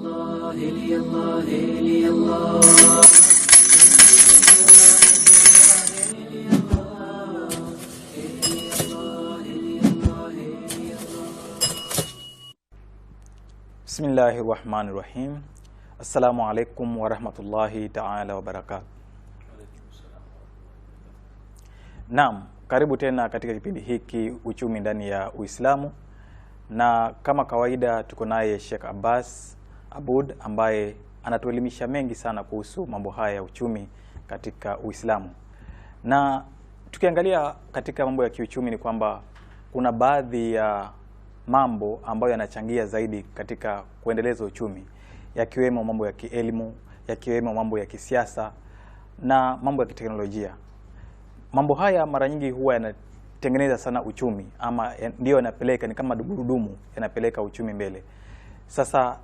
Bismillahi rahmani rahim. Assalamu alaikum warahmatullahi taala wabarakatu. Naam, karibu tena katika kipindi hiki uchumi ndani ya Uislamu, na kama kawaida tuko naye Sheikh Abbas Abud ambaye anatuelimisha mengi sana kuhusu mambo haya ya uchumi katika Uislamu. Na tukiangalia katika mambo ya kiuchumi ni kwamba kuna baadhi ya mambo ambayo yanachangia zaidi katika kuendeleza uchumi, yakiwemo mambo ya kielimu, yakiwemo mambo ya kisiasa na mambo ya kiteknolojia. Mambo haya mara nyingi huwa yanatengeneza sana uchumi ama ndiyo yanapeleka, ni kama gurudumu, yanapeleka uchumi mbele. Sasa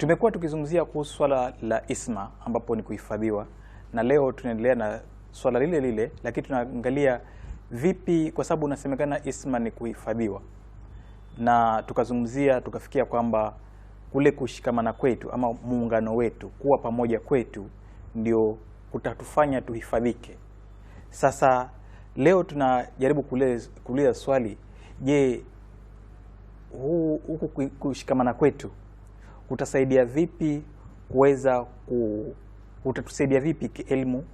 Tumekuwa tukizungumzia kuhusu swala la ISMA ambapo ni kuhifadhiwa, na leo tunaendelea na swala lile lile, lakini tunaangalia vipi, kwa sababu unasemekana ISMA ni kuhifadhiwa, na tukazungumzia tukafikia kwamba kule kushikamana kwetu ama muungano wetu, kuwa pamoja kwetu, ndio kutatufanya tuhifadhike. Sasa leo tunajaribu kuuliza swali, je, huku kushikamana kwetu utasaidia vipi kuweza ku, utatusaidia vipi kielimu,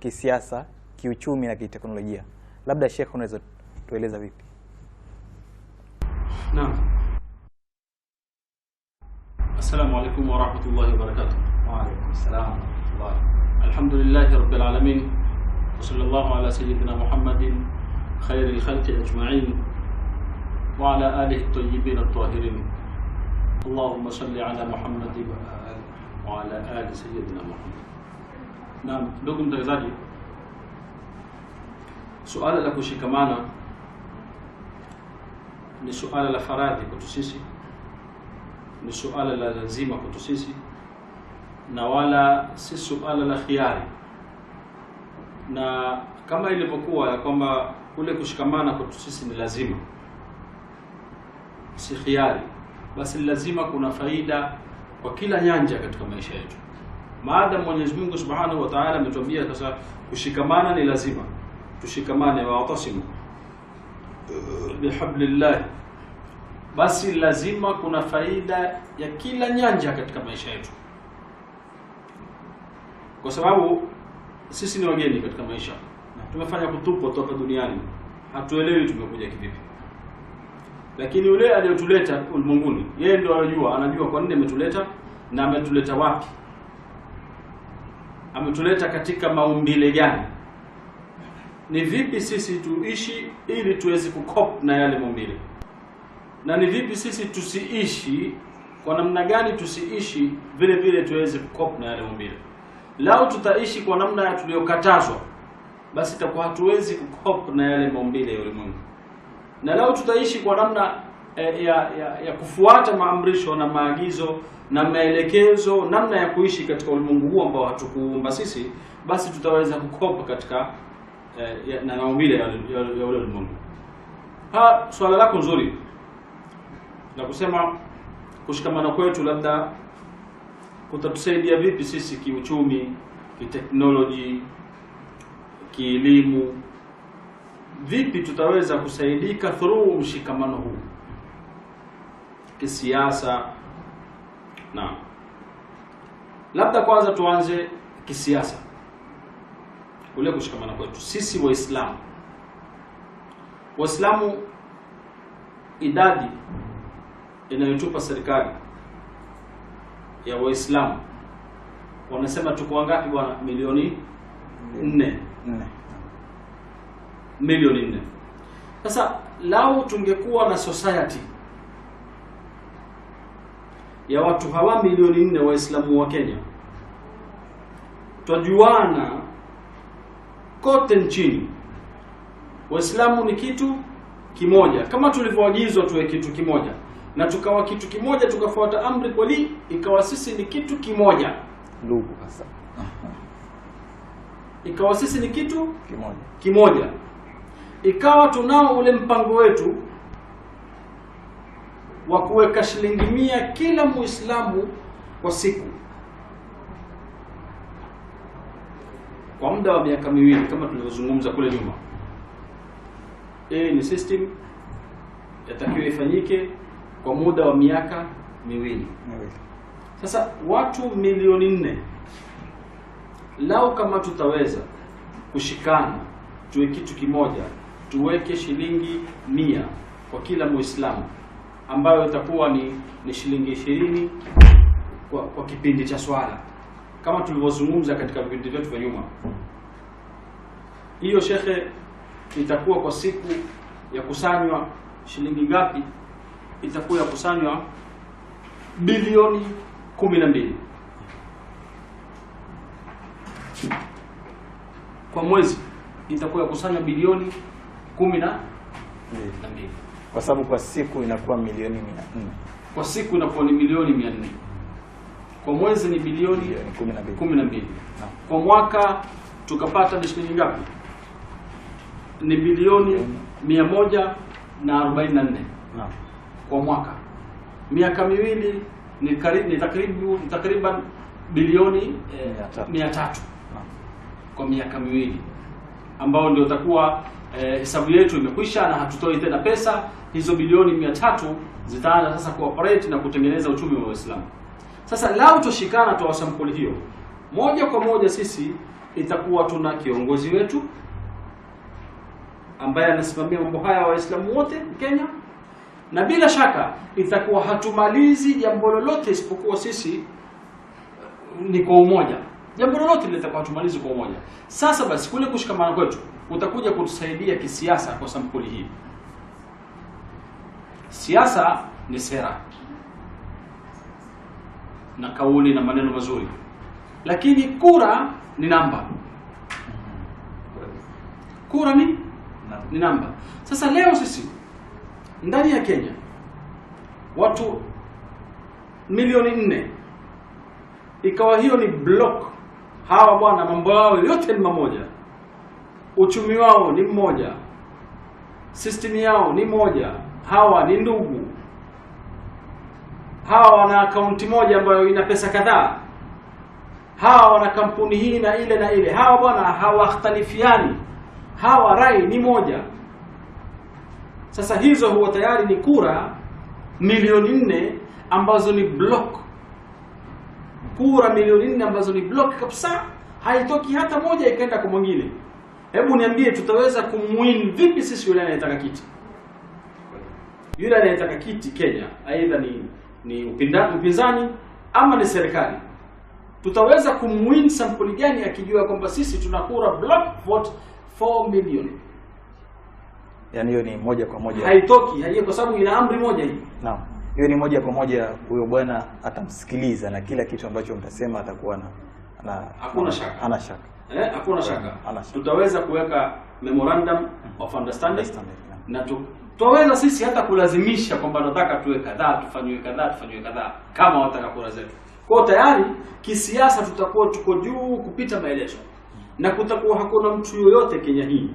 kisiasa, kiuchumi na kiteknolojia? Labda Sheikh, unaweza tueleza vipi? Naam, assalamu alaykum wa rahmatullahi wa barakatuh. Wa alaykum assalam Alhamdulillahi rabbil alamin wa sallallahu ala sayyidina Muhammadin khairil khalqi ajma'in wa ala alihi at-tayyibin at-tahirin. اللهم صل على محمد وعلى آل سيدنا محمد نعم لكم تغزالي suala la kushikamana ni suala la faradhi kwetu sisi, ni suala la lazima kwetu sisi, na wala si suala la khiari. Na kama ilivyokuwa ya kwamba kule kushikamana kwetu sisi ni lazima, si khiari basi lazima kuna faida kwa kila nyanja katika maisha yetu. maadam Mwenyezi Mungu Subhanahu wa Ta'ala ametuambia sasa kushikamana ni lazima, tushikamane, watasimu bihablillah, basi lazima kuna faida ya kila nyanja katika maisha yetu, kwa sababu sisi ni wageni katika maisha tumefanya kutupwa toka duniani, hatuelewi tumekuja kivipi lakini yule aliyotuleta ulimwenguni yeye ndio anajua, anajua kwa nini ametuleta na ametuleta wapi, ametuleta katika maumbile gani, ni vipi sisi tuishi ili tuweze kukop na yale maumbile, na ni vipi sisi tusiishi, kwa namna gani tusiishi vile vile tuweze kukop na yale maumbile. Lau tutaishi kwa namna tuliyokatazwa, basi itakuwa hatuwezi kukop na yale maumbile ya ulimwengu na leo tutaishi kwa namna eh, ya, ya, ya kufuata maamrisho na maagizo na maelekezo, namna ya kuishi katika ulimwengu huu ambao hatukuumba sisi, basi tutaweza kukopa katika eh, na maumbile ya ule ulimwengu. Swala lako nzuri na kusema kushikamana kwetu labda kutatusaidia vipi sisi kiuchumi, kiteknoloji, kielimu vipi tutaweza kusaidika through mshikamano huu kisiasa na labda kwanza tuanze kisiasa kule kushikamana kwetu sisi waislamu waislamu idadi inayotupa serikali ya waislamu wanasema tuko wangapi bwana milioni nne nne milioni nne. Sasa lau tungekuwa na society ya watu hawa milioni nne Waislamu wa Kenya, twajuana kote nchini, Waislamu ni kitu kimoja, kama tulivyoagizwa tuwe kitu kimoja na tukawa kitu kimoja, tukafuata amri kweli, ikawa sisi ni kitu kimoja ndugu, hasa ikawa sisi ni kitu kimoja kimoja ikawa tunao ule mpango wetu wa kuweka shilingi mia kila Muislamu kwa siku kwa muda wa miaka miwili kama tulivyozungumza kule nyuma. Hii e, ni system yatakiwa ifanyike kwa muda wa miaka miwili. Sasa watu milioni nne, lau kama tutaweza kushikana tuwe kitu kimoja tuweke shilingi mia kwa kila Muislamu ambayo itakuwa ni, ni shilingi ishirini kwa, kwa kipindi cha swala kama tulivyozungumza katika vipindi vyetu vya nyuma. Hiyo shekhe, itakuwa kwa siku ya kusanywa shilingi ngapi? Itakuwa ya kusanywa bilioni mbili kwa mwezi, itakuwa ya kusanywa bilioni kumi na mbili kwa sababu kwa siku inakuwa milioni mia nne kwa siku inakuwa ni milioni mia nne kwa mwezi ni bilioni kumi na mbili kwa mwaka tukapata ni shilingi ngapi? Ni bilioni mia moja na arobaini na nne kwa mwaka. Miaka miwili ni takriban bilioni eh, mia tatu kwa miaka miwili ambao ndio takuwa Eh, hesabu yetu imekwisha na hatutoi tena pesa hizo. Bilioni mia tatu zitaanza sasa kuoperate na kutengeneza uchumi wa Uislamu. Sasa lau tushikana toa sampuli hiyo moja kwa moja, sisi itakuwa tuna kiongozi wetu ambaye anasimamia mambo haya Waislamu wote Kenya, na bila shaka itakuwa hatumalizi jambo lolote isipokuwa sisi eh, ni kwa umoja. Jambo lolote litakuwa hatumalizi kwa umoja. Sasa basi, kule kushikamana kwetu utakuja kutusaidia kisiasa kwa sampuli hii. Siasa ni sera na kauli na maneno mazuri, lakini kura ni namba. Kura ni ni namba. Sasa leo sisi ndani ya Kenya watu milioni nne, ikawa hiyo ni block. Hawa bwana mambo yao yote ni mamoja uchumi wao ni mmoja, system yao ni moja, hawa ni ndugu, hawa wana akaunti moja ambayo ina pesa kadhaa, hawa wana kampuni hii na ile na ile. Hawa bwana hawakhtalifiani, hawa rai ni moja. Sasa hizo huwa tayari ni kura milioni nne ambazo ni block, kura milioni nne ambazo ni block kabisa, haitoki hata moja ikaenda kwa mwingine. Hebu niambie tutaweza kumwin vipi sisi yule anayetaka kiti? Yule anayetaka kiti Kenya, aidha ni ni upinda, upinzani ama ni serikali. Tutaweza kumwin sampuli gani akijua kwamba sisi tuna block vote 4 million? Yaani hiyo ni moja kwa moja. Haitoki, haiye kwa sababu ina amri moja hii. Naam. Hiyo ni moja kwa moja huyo bwana atamsikiliza na kila kitu ambacho mtasema atakuwa na hakuna shaka. Ana shaka eh, hakuna shaka tutaweza kuweka memorandum of understanding, na tu, tutaweza sisi hata kulazimisha kwamba nataka tuwe kadhaa tufanyiwe kadhaa tufanyiwe kadhaa kama wataka kura zetu. Kwa tayari kisiasa tutakuwa tuko juu kupita maelezo, na kutakuwa hakuna mtu yoyote Kenya hii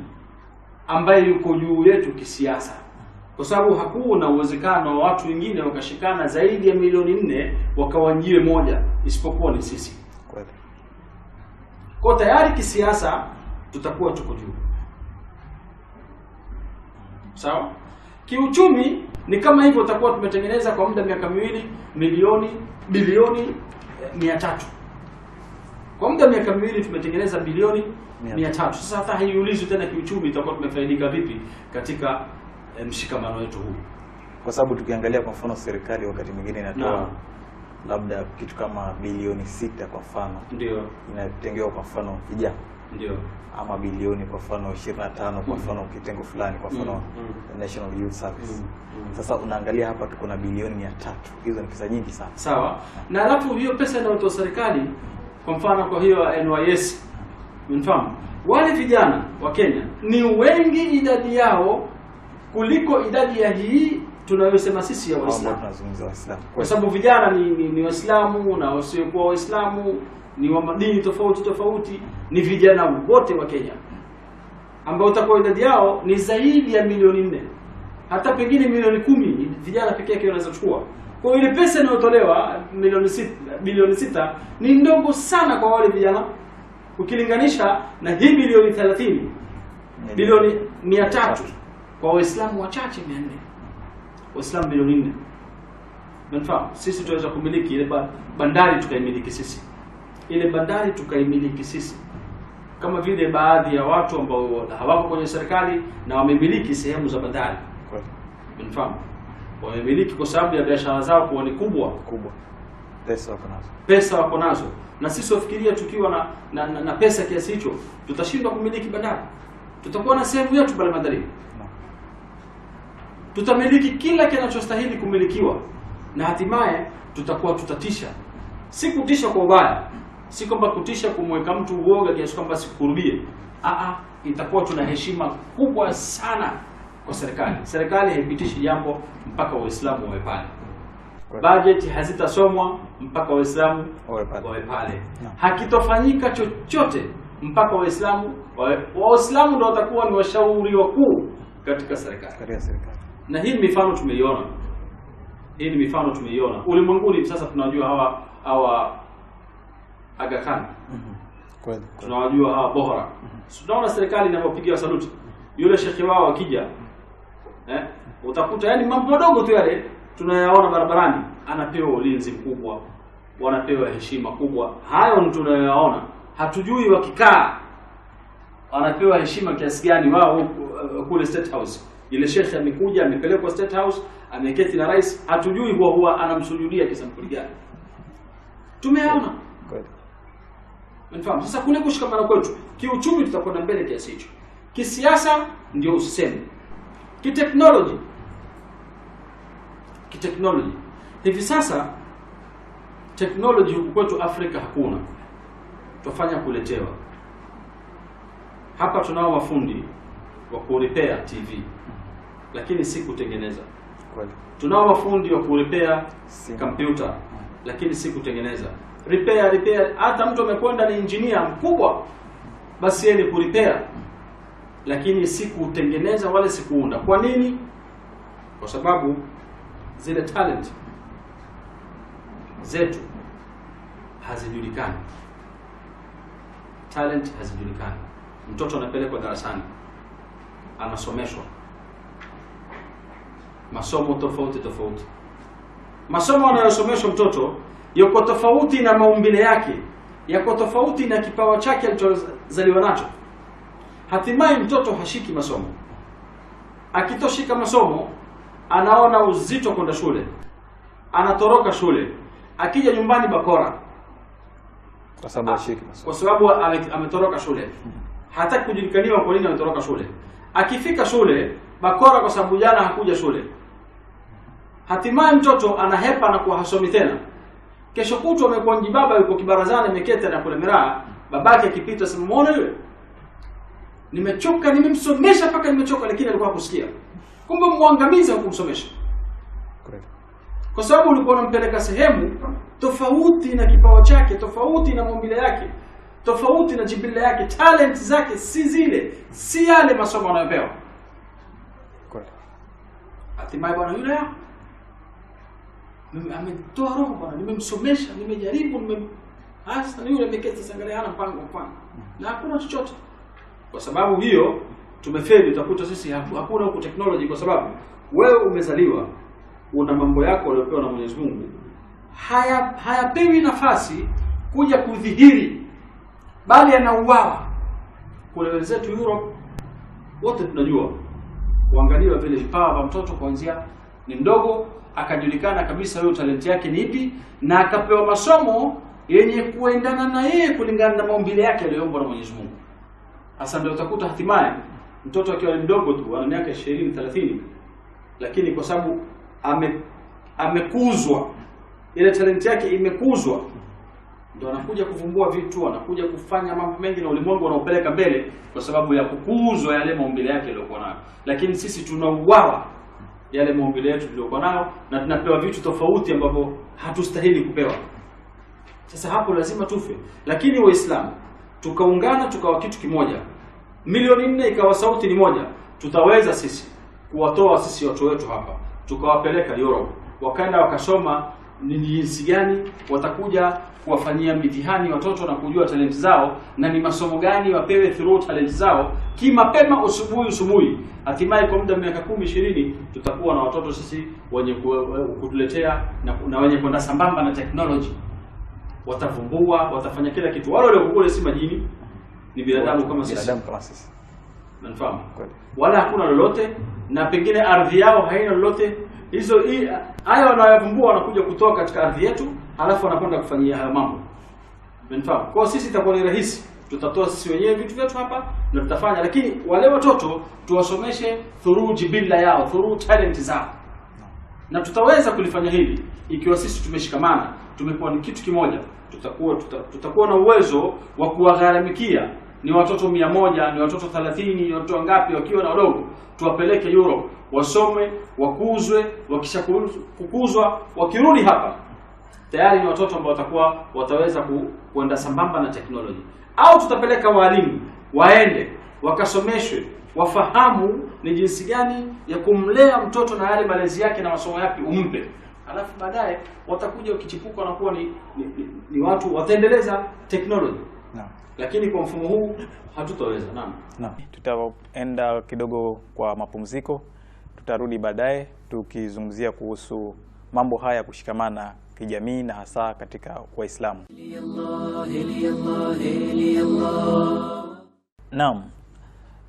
ambaye yuko juu yetu kisiasa, kwa sababu hakuna uwezekano wa watu wengine wakashikana zaidi ya milioni nne wakawanjie moja isipokuwa ni sisi. Kwa tayari kisiasa tutakuwa tuko juu. Sawa? Kiuchumi ni kama hivyo, tutakuwa tumetengeneza kwa muda miaka miwili milioni bilioni eh, mia tatu kwa muda miaka miwili tumetengeneza bilioni mia tatu. Sasa hata haiulizwi tena kiuchumi tutakuwa tumefaidika vipi katika eh, mshikamano wetu huu, kwa sababu tukiangalia kwa mfano serikali wakati mwingine inatoa labda kitu kama bilioni sita kwa mfano ndio inatengewa kwa mfano vijana ndio ama bilioni kwa mfano 25 kwa mm. mfano mm. kitengo fulani kwa mfano mm, mm. National Youth Service mm. Mm. Sasa unaangalia hapa tuko na bilioni mia tatu, hizo ni pesa nyingi sana. Sawa, na alafu hiyo pesa inayotoa serikali kwa mfano kwa hiyo NYS, unafahamu wale vijana wa Kenya ni wengi idadi yao kuliko idadi ya hii tunayosema sisi ya Waislamu, kwa sababu vijana ni, ni, ni Waislamu na wasiokuwa Waislamu ni wa madini tofauti tofauti, ni vijana wote wa Kenya ambao utakuwa idadi yao ni zaidi ya milioni nne hata pengine milioni kumi vijana pekee yake wanaweza kuchukua. Kwa hiyo ile pesa inayotolewa milioni sita, milioni sita ni ndogo sana kwa wale vijana ukilinganisha na hii milioni 30 bilioni 300 kwa Waislamu wachache 400. Waislamu milioni 4. Unanifahamu? Sisi tuweza kumiliki ile bandari tukaimiliki sisi. Ile bandari tukaimiliki sisi. Kama vile baadhi ya watu ambao hawako kwenye serikali na wamemiliki sehemu za bandari. Unanifahamu? Wamemiliki kwa sababu ya biashara zao kuwa ni kubwa kubwa. Pesa wako nazo. Pesa wako nazo. Na sisi wafikiria tukiwa na, na, na, na pesa kiasi hicho tutashindwa kumiliki bandari. Tutakuwa na sehemu yetu pale bandarini tutamiliki kila kinachostahili kumilikiwa na hatimaye tutakuwa tutatisha. Si kutisha kwa ubaya, si kwamba kutisha kumweka mtu uoga kiasi kwamba sikurudie. itakuwa tuna heshima kubwa sana kwa serikali. Serikali haipitishi jambo mpaka Waislamu wawe pale. Bajeti hazitasomwa mpaka Waislamu wawe pale. Hakitofanyika chochote mpaka Waislamu Waislamu ndo watakuwa ni washauri wakuu katika serikali na hii mifano tumeiona, hii ni mifano tumeiona ulimwenguni. Sasa tunajua hawa hawa Aga Khan mhm. kweli, tunawajua hawa Bohra. Mhm. Tunaona serikali inapopigia saluti yule shekhi wao akija, eh, utakuta yani mambo madogo tu yale tunayaona barabarani, anapewa ulinzi mkubwa, wanapewa heshima kubwa. Hayo ni tunayoyaona, hatujui wakikaa wanapewa heshima kiasi gani wao uh, kule State House yule shekhe amekuja amepelekwa State House, ameketi na rais, hatujui huwa huwa anamsujudia kisampuli gani. Tumeona mnafahamu sasa, kule kushikamana kwetu kiuchumi, tutakwenda mbele kiasi hicho, kisiasa ndio usemi, kiteknoloji kiteknoloji. Hivi sasa teknoloji huku kwetu Afrika hakuna, tutafanya kuletewa hapa. Tunao mafundi wa kurepair TV lakini si kutengeneza. Tunao mafundi wa kuripea kompyuta lakini si kutengeneza. Repair, repair, hata mtu amekwenda ni engineer mkubwa, basi yeye ni kuripea lakini si kutengeneza wala si kuunda. Kwa nini? Kwa sababu zile talent zetu hazijulikani, talent hazijulikani. Mtoto anapelekwa darasani, anasomeshwa masomo tofauti tofauti. Masomo anayosomeshwa mtoto yako tofauti na maumbile yake, yako tofauti na kipawa chake alichozaliwa nacho. Hatimaye mtoto hashiki masomo. Akitoshika masomo, anaona uzito kwenda shule, anatoroka shule, akija nyumbani bakora kwa sababu ah, hashiki masomo, kwa sababu ametoroka shule, hataki kujulikaniwa kwa nini ametoroka shule. Akifika shule bakora kwa sababu jana hakuja shule hatimaye mtoto anahepa na kuwa hasomi tena. Kesho kutwa amekuwa njibaba yuko kibarazani ameketi na kula miraa, babake akipita sema muone yule. Nimechoka, nimemsomesha mpaka nimechoka lakini alikuwa hakusikia. Kumbe muangamiza hukumsomesha. Kwa sababu ulikuwa unampeleka sehemu tofauti na kipawa chake, tofauti na maumbile yake, tofauti na jibila yake, talent zake si zile, si yale masomo anayopewa. Hatimaye bwana yule ametoa roho bwana, nimemsomesha, nimejaribu, nime hasa yule ameketi sasa, angalia hana mpango mpango na hakuna chochote. Kwa sababu hiyo tumefeli, utakuta sisi hakuna huko technology, kwa sababu wewe umezaliwa una mambo yako unayopewa na Mwenyezi Mungu, haya hayapewi nafasi kuja kudhihiri, bali yanauawa. kule wenzetu Europe wote tunajua kuangaliwa vile vipawa vya mtoto kuanzia ni mdogo akajulikana kabisa huyo talenti yake ni ipi, na akapewa masomo yenye kuendana na yeye kulingana na maumbile yake aliyombwa na Mwenyezi Mungu. Hasa ndio utakuta hatimaye mtoto akiwa mdogo tu ana miaka 20 30, lakini kwa sababu ame amekuzwa ile talenti yake imekuzwa, ndio anakuja kuvumbua vitu, anakuja kufanya mambo mengi na ulimwengu anaopeleka mbele, kwa sababu ya kukuzwa yale maumbile yake aliyokuwa nayo. Lakini sisi tunauawa yale maumbile yetu tuliokuwa nao, na tunapewa vitu tofauti ambavyo hatustahili kupewa. Sasa hapo lazima tufe, lakini Waislamu tukaungana tukawa kitu kimoja, milioni nne ikawa sauti ni moja, tutaweza sisi kuwatoa sisi watu wetu hapa tukawapeleka Europe, wakaenda wakasoma ni jinsi gani watakuja kuwafanyia mitihani watoto na kujua talenti zao na ni masomo gani wapewe through talent zao kimapema, usubuhi usubuhi. Hatimaye kwa muda miaka kumi ishirini tutakuwa na watoto sisi wenye eh, kutuletea na, na wenye kwenda sambamba na technology, watavumbua, watafanya kila kitu. Wale walio si majini, ni binadamu kama sisi, nafahamu wala hakuna lolote, na pengine ardhi yao haina lolote. Hizo haya wanayovumbua wanakuja kutoa katika ardhi yetu alafu anakwenda kufanyia hayo mambo. Umenifahamu? Kwa sisi itakuwa ni rahisi, tutatoa sisi wenyewe vitu vyetu hapa na tutafanya, lakini wale watoto tuwasomeshe through jibilla yao, through talent zao, na tutaweza kulifanya hili ikiwa sisi tumeshikamana, tumekuwa ni kitu kimoja. Tutakuwa tuta, tutakuwa na uwezo wa kuwagharamikia ni watoto mia moja, ni watoto 30, ni watoto wangapi, wakiwa na wadogo, tuwapeleke Europe wasome, wakuzwe, wakisha kukuzwa, wakirudi hapa tayari ni watoto ambao watakuwa wataweza kuenda sambamba na teknolojia, au tutapeleka walimu waende wakasomeshwe wafahamu ni jinsi gani ya kumlea mtoto na yale malezi yake na masomo yake umpe, alafu baadaye watakuja wakichipuka wanakuwa ni, ni, ni, ni watu wataendeleza teknolojia no. Lakini kwa mfumo huu hatutaweza naam no. Tutaenda kidogo kwa mapumziko, tutarudi baadaye tukizungumzia kuhusu mambo haya ya kushikamana kijamii na hasa katika Waislamu. Naam,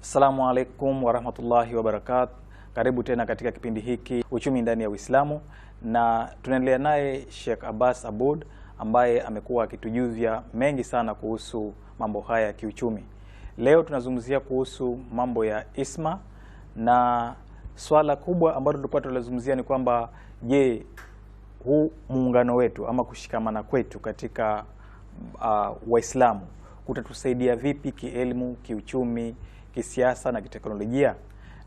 assalamu alaikum warahmatullahi wabarakatu. Karibu tena katika kipindi hiki uchumi ndani ya Uislamu, na tunaendelea naye Sheikh Abbas Abud ambaye amekuwa akitujuzia mengi sana kuhusu mambo haya ya kiuchumi. Leo tunazungumzia kuhusu mambo ya isma, na swala kubwa ambalo tulikuwa tunalizungumzia ni kwamba je, huu muungano wetu ama kushikamana kwetu katika uh, Waislamu kutatusaidia vipi kielimu, kiuchumi, kisiasa na kiteknolojia.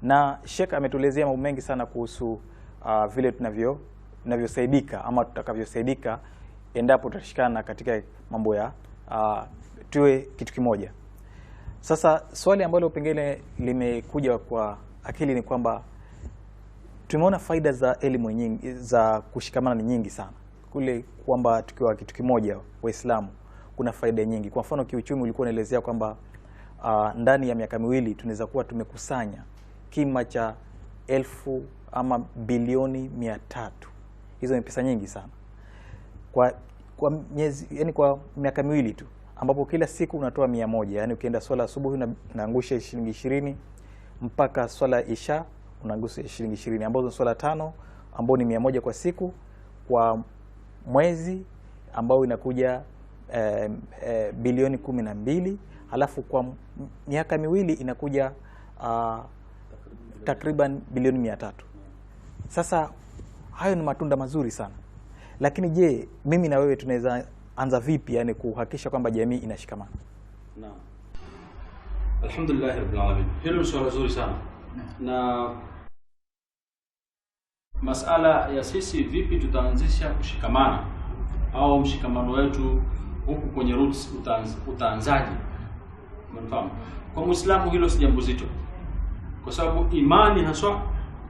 Na Sheikh ametuelezea mambo mengi sana kuhusu uh, vile tunavyo tunavyosaidika ama tutakavyosaidika endapo tutashikana katika mambo ya uh, tuwe kitu kimoja. Sasa swali ambalo pengine limekuja kwa akili ni kwamba tumeona faida za elimu nyingi, za kushikamana ni nyingi sana kule, kwamba tukiwa kitu kimoja Waislamu kuna faida nyingi. Kwa mfano kiuchumi, ulikuwa unaelezea kwamba uh, ndani ya miaka miwili tunaweza kuwa tumekusanya kima cha elfu ama bilioni mia tatu. Hizo ni pesa nyingi sana kwa kwa miezi, yani kwa miaka miwili tu, ambapo kila siku unatoa mia moja, yani ukienda swala asubuhi unaangusha shilingi ishirini mpaka swala isha unaguswa shilingi ishirini ambazo ni swala tano ambao ni mia moja kwa siku kwa mwezi ambao inakuja e, e, bilioni kumi na mbili alafu kwa miaka miwili inakuja uh, takriban bilioni mia tatu. Sasa hayo ni matunda mazuri sana, lakini je, mimi na wewe tunaweza anza vipi, yani kuhakikisha kwamba jamii inashikamana? Naam, alhamdulillah rabbil alamin, hilo ni swala zuri sana na masala ya sisi vipi tutaanzisha kushikamana au mshikamano wetu huku kwenye roots utaanzaji utaanzaje? kwa Muislamu hilo si jambo zito, kwa sababu imani haswa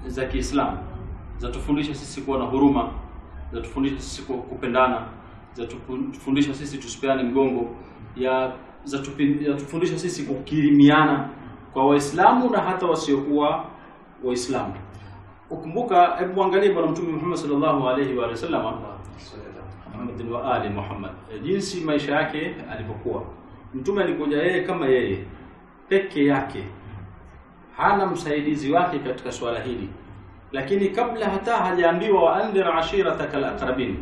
za Kiislamu zatufundisha sisi kuwa na huruma, zatufundisha sisi kuwa kupendana, zatufundisha sisi tusipeane mgongo, ya zatufundisha sisi kukirimiana kwa Waislamu na hata wasiokuwa Waislamu ukumbuka, hebu angalie bwana Mtume Muhammad sallallahu alaihi wa sallam Muhammad wa ali Muhammad, e, jinsi maisha yake alipokuwa. Mtume alikuja yeye kama yeye peke yake, hana msaidizi wake katika swala hili, lakini kabla hata hajaambiwa waandhir ashiratakal aqrabin,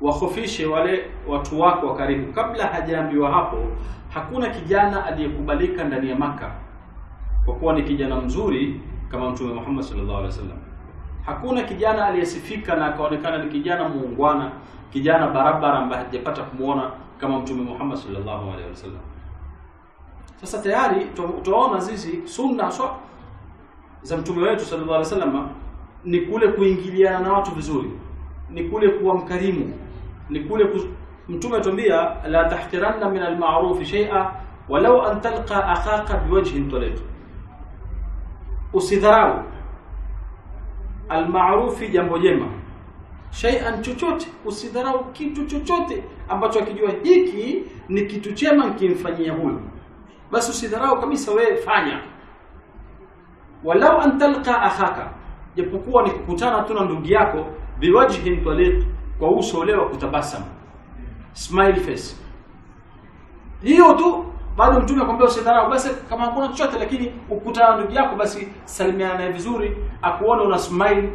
wakhofishe wale watu wako wa karibu, kabla hajaambiwa hapo, hakuna kijana aliyekubalika ndani ya Maka kwa kuwa ni kijana mzuri kama Mtume Muhammad sallallahu alaihi wasallam. Hakuna kijana aliyesifika na akaonekana ni kijana muungwana, kijana barabara ambaye hajapata kumuona kama Mtume Muhammad sallallahu alaihi wasallam. Sasa tayari tunaona sisi sunna so za mtume wetu sallallahu alaihi wasallam ni kule kuingiliana na watu vizuri, ni kule kuwa mkarimu, ni kule ku... mtume atwambia la tahqiranna min al-ma'ruf shay'a walau an talqa akhaka biwajhin talib usidharau almaarufi, jambo jema, shay'an, chochote. Usidharau kitu chochote ambacho akijua hiki ni kitu chema nikimfanyia huyu, basi usidharau kabisa, wewe fanya walau an talqa akhaka, japokuwa ni kukutana tu na ndugu yako, biwajhin taliq, kwa uso ule wa kutabasamu, smile face, hiyo tu bado mtume akwambia usidharau basi kama hakuna chochote lakini ukutana na ndugu yako basi salimiana naye vizuri akuone una smile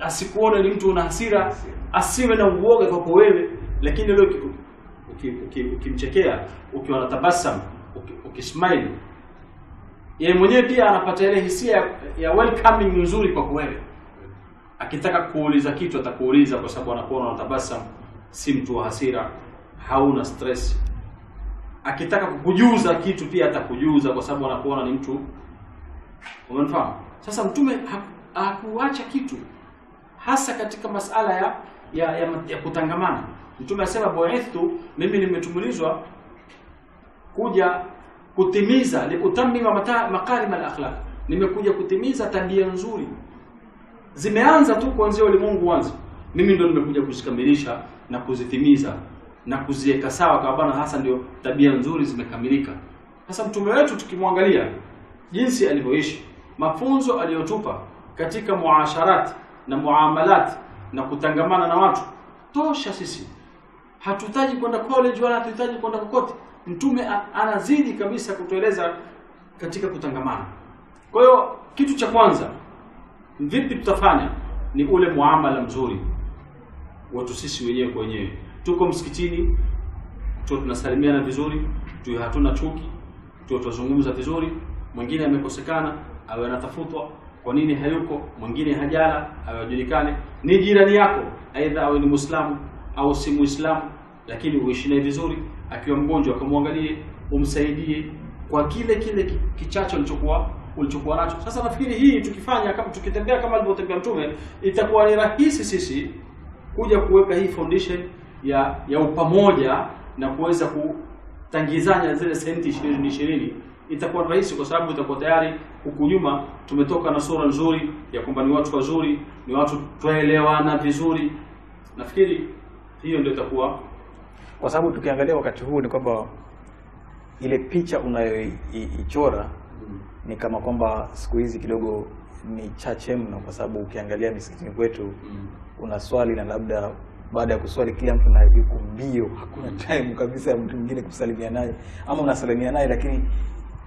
asikuone ni mtu una hasira asiwe na uoga kwako wewe lakini leo ukimchekea ukiwa na tabasamu ukismile yeye mwenyewe pia anapata ile hisia ya welcoming nzuri kwako wewe akitaka kuuliza kitu atakuuliza kwa sababu anakuona na tabasamu si mtu wa hasira hauna stress akitaka kukujuza kitu pia atakujuza kwa sababu anakuona ni mtu umenifahamu sasa mtume hakuacha kitu hasa katika masala ya ya, ya, ya kutangamana mtume asema bu'ithtu mimi nimetumulizwa kuja kutimiza liutamima makarima al-akhlaq nimekuja kutimiza tabia nzuri zimeanza tu kuanzia ulimwengu wanzi mimi ndo nimekuja kuzikamilisha na kuzitimiza na kuziweka sawa, kwa bwana hasa ndio tabia nzuri zimekamilika. Sasa mtume wetu tukimwangalia jinsi alivyoishi, mafunzo aliyotupa katika muasharati na muamalat na kutangamana na watu tosha. Sisi hatuhitaji kwenda college wala hatuhitaji kwenda kokote. Mtume anazidi kabisa kutueleza katika kutangamana. Kwa hiyo kitu cha kwanza vipi tutafanya ni ule muamala mzuri watu sisi wenyewe kwa wenyewe tuko msikitini, tu tunasalimiana vizuri, tu hatuna chuki, tu tunazungumza vizuri. Mwingine amekosekana awe anatafutwa, kwa nini hayuko? Mwingine hajala awe ajulikane. Ni jirani yako, aidha awe ni Muislamu au si Muislamu, lakini uishi naye vizuri. Akiwa mgonjwa, akamwangalie, umsaidie kwa kile kile kichache ulichokuwa ulichokuwa nacho. Sasa nafikiri hii tukifanya kama tukitembea kama alivyotembea Mtume, itakuwa ni rahisi sisi kuja kuweka hii foundation ya ya upamoja na kuweza kutangizanya zile senti ishirini ishirini itakuwa rahisi kwa sababu itakuwa tayari huku nyuma tumetoka na sura nzuri ya kwamba ni watu wazuri, ni watu twaelewana vizuri. Nafikiri hiyo ndio itakuwa, kwa sababu tukiangalia wakati huu ni kwamba ile picha unayoichora ni kama kwamba siku hizi kidogo ni chache mno, kwa sababu ukiangalia misikitini kwetu mm, swali na labda baada ya kuswali, kila mtu yuko mbio, hakuna time kabisa ya mtu mwingine kusalimia naye, ama unasalimia naye lakini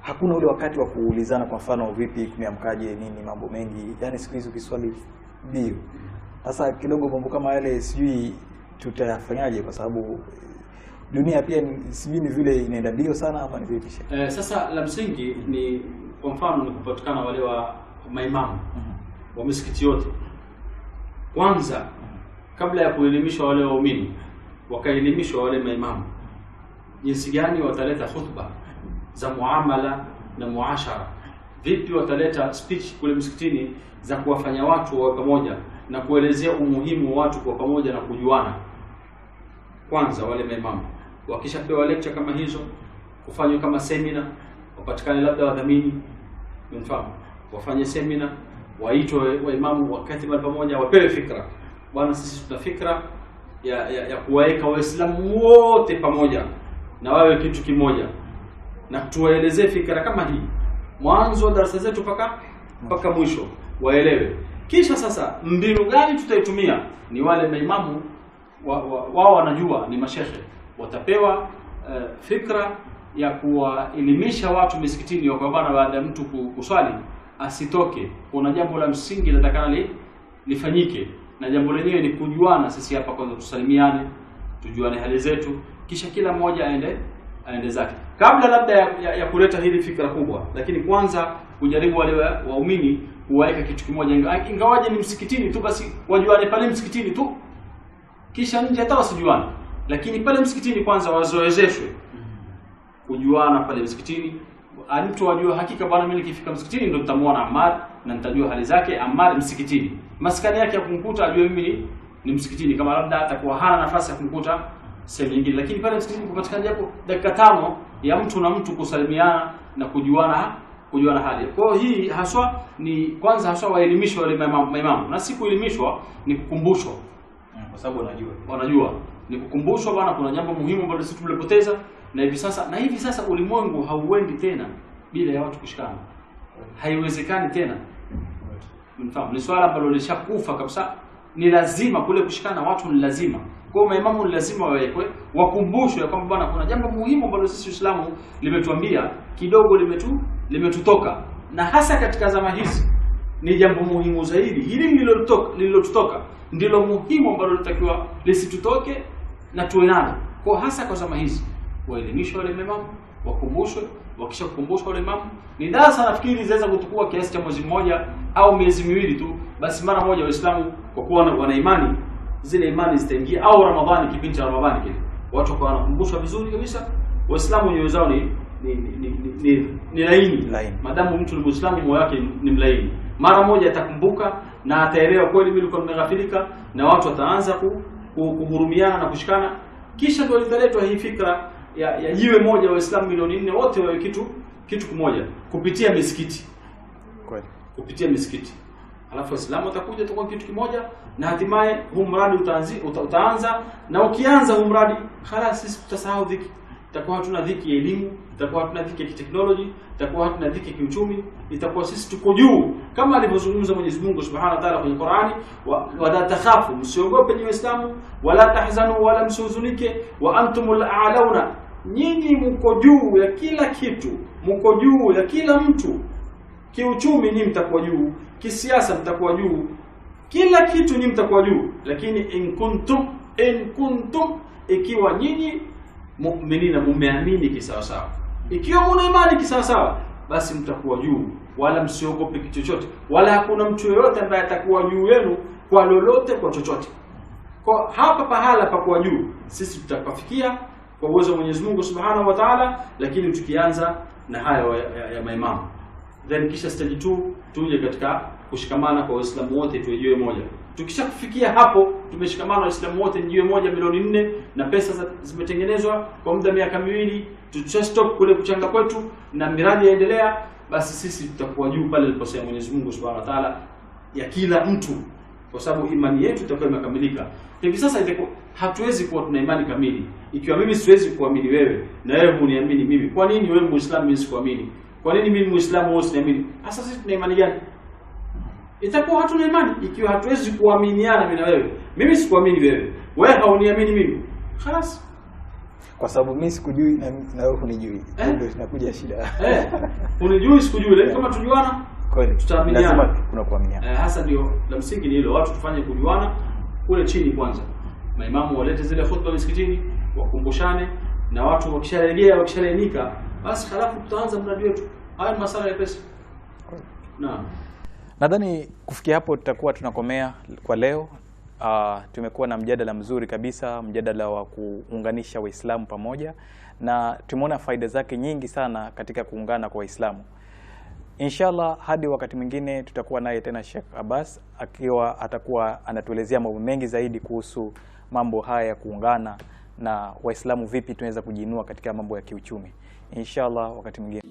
hakuna ule wakati wa kuulizana, kwa mfano vipi, kumeamkaje, nini, mambo mengi. Yani siku hizi ukiswali mbio. Sasa kidogo mambo kama yale sijui tutayafanyaje, kwa sababu dunia pia sijui ni vile inaenda mbio sana ama ni vipi? Eh, sasa la msingi ni kwa mfano ni kupatikana wale wa maimamu mm -hmm. wa misikiti yote kwanza kabla ya kuelimisha wale waumini wakaelimishwa wale maimamu jinsi gani wataleta khutba za muamala na muashara, vipi wataleta speech kule msikitini za kuwafanya watu wawe pamoja na kuelezea umuhimu wa watu kwa pamoja na kujuana. Kwanza wale maimamu wakishapewa lecture kama hizo, kufanywa kama semina, wapatikane labda wadhamini, mfano wafanye semina, waitwe waimamu wakati pamoja, wapewe fikra bwana, sisi tuna fikra ya ya, ya kuwaweka Waislamu wote pamoja na wawe kitu kimoja, na tuwaelezee fikra kama hii mwanzo wa darasa zetu mpaka mpaka mwisho, waelewe. Kisha sasa, mbinu gani tutaitumia? Ni wale maimamu wao wa, wa wanajua ni mashehe, watapewa uh, fikra ya kuwaelimisha watu misikitini, wakabana baada ya mtu kuswali asitoke, kuna jambo la msingi linatakana li, lifanyike na jambo lenyewe ni kujuana. Sisi hapa kwanza tusalimiane, tujuane hali zetu, kisha kila mmoja aende aende zake, kabla labda ya, ya, ya kuleta hili fikra kubwa. Lakini kwanza kujaribu wale waumini kuwaweka kitu kimoja, ingawaje ni msikitini tu, basi wajuane pale msikitini tu, kisha nje hata wasijuane, lakini pale msikitini kwanza wazoezeshwe mm-hmm. kujuana pale msikitini. Ah, mtu ajue hakika, bwana, mimi nikifika msikitini ndo nitamuona Ammar na nitajua hali zake Ammar msikitini. Maskani yake ya kumkuta ajue mimi ni msikitini, kama labda atakuwa hana nafasi ya kumkuta sehemu nyingine, lakini pale msikitini kupatikana japo dakika tano ya mtu na mtu kusalimiana na kujuana kujuana hali. Kwa hiyo hii haswa ni kwanza haswa waelimishwe wale maimamu, na si kuelimishwa, ni kukumbushwa, eh, kwa sababu wanajua wanajua, ni kukumbushwa, bwana, kuna jambo muhimu ambalo sisi tumelipoteza na hivi sasa na hivi sasa ulimwengu hauendi tena bila ya watu kushikana, haiwezekani tena. Mnafahamu, ni swala ambalo lishakufa kabisa. Ni lazima kule kushikana watu, ni lazima kwa maimamu, ni lazima wawekwe, wakumbushwe ya kwamba bwana, kuna jambo muhimu ambalo sisi Uislamu limetuambia kidogo, limetu limetutoka, na hasa katika zama hizi ni jambo muhimu zaidi. Hili lililotutoka ndilo muhimu ambalo litakiwa lisitutoke na tuwe nalo kwa hasa kwa zama hizi kuelimishwa wale imam, wakumbushwe. Wakisha kukumbushwa wale imam. ni darasa nafikiri zinaweza kutukua kiasi cha mwezi mmoja au miezi miwili tu, basi mara moja Waislamu kwa kuwa wana imani zile imani zitaingia, au Ramadhani, kipindi cha Ramadhani kile watu wakawa wanakumbushwa vizuri kabisa. Waislamu nyoyo zao ni ni ni, ni, ni, ni laini, laini. Madamu mtu ni Muislamu moyo wake ni mlaini, mara moja atakumbuka na ataelewa kweli mimi nilikuwa nimeghafilika, na watu wataanza ku, ku, kuhurumiana na kushikana. Kisha ndio italetwa hii fikra ya, ya jiwe moja Waislamu milioni nne wote wawe kitu kitu kimoja kupitia misikiti kweli, kupitia misikiti, alafu Waislamu watakuja tutakuwa kitu kimoja, na hatimaye huu mradi utaanza uta, utaanza na ukianza huu mradi khalas, sisi tutasahau dhiki. Itakuwa hatuna dhiki ya elimu, itakuwa hatuna dhiki ya kiteknoloji, itakuwa hatuna dhiki ya kiuchumi, itakuwa sisi tuko juu, kama alivyozungumza Mwenyezi Mungu Subhanahu wa Ta'ala kwenye Qur'ani, wa la takhafu, msiogope nyinyi Waislamu, wala tahzanu, wala msihuzunike, wa antumul a'launa nyinyi mko juu ya kila kitu, mko juu ya kila mtu. Kiuchumi ni mtakuwa juu, kisiasa mtakuwa juu, kila kitu ni mtakuwa juu, lakini in kuntum in kuntum, ikiwa nyinyi mu'minina mumeamini kisawasawa, ikiwa muna imani kisawasawa, basi mtakuwa juu, wala msiogope kitu chochote, wala hakuna mtu yeyote ambaye atakuwa juu yenu kwa lolote, kwa chochote. Kwa hapa pahala pa kuwa juu, sisi tutapafikia kwa uwezo wa Mwenyezi Mungu Subhanahu wa Ta'ala, lakini tukianza na hayo ya, ya, ya maimamu, then kisha stage 2 tuje katika kushikamana kwa Waislamu wote tuwe jiwe moja. Tukishakufikia hapo tumeshikamana Waislamu wote ni jiwe moja, milioni nne na pesa zimetengenezwa kwa muda miaka miwili, tucha stop kule kuchanga kwetu na miradi yaendelea, basi sisi tutakuwa juu pale aliposema Mwenyezi Mungu Subhanahu wa Ta'ala ya kila mtu kwa sababu imani yetu itakuwa imekamilika. Hivi sasa hatuwezi kuwa tuna imani kamili ikiwa mimi siwezi kuamini wewe na wewe huniamini mimi, kwa nini wewe Muislamu mimi sikuamini? Kwa nini mimi Muislamu wewe usiniamini? Hasa sisi tuna imani gani? Itakuwa hatuna imani ikiwa hatuwezi kuaminiana mimi na wewe. Mimi sikuamini wewe, wewe hauniamini mimi. Khalas, kwa sababu mimi sikujui na na wewe hunijui, eh? ndio tunakuja shida. Eh, unijui sikujui, lakini kama tujuana kweli tutaaminiana, lazima kuna kuaminiana. Eh, hasa ndio la msingi ni hilo, watu tufanye kujuana kule chini kwanza, maimamu walete zile khutba misikitini wakumbushane na watu wakisharejea, wakishalainika, basi halafu tutaanza mradi wetu. Haya ni masuala ya pesa. Naam, nadhani kufikia hapo tutakuwa tunakomea kwa leo. Uh, tumekuwa na mjadala mzuri kabisa, mjadala wa kuunganisha Waislamu pamoja, na tumeona faida zake nyingi sana katika kuungana kwa Waislamu. Inshallah, hadi wakati mwingine tutakuwa naye tena Sheikh Abbas akiwa atakuwa anatuelezea mambo mengi zaidi kuhusu mambo haya ya kuungana na Waislamu vipi tunaweza kujiinua katika mambo ya kiuchumi. Inshallah wakati mwingine.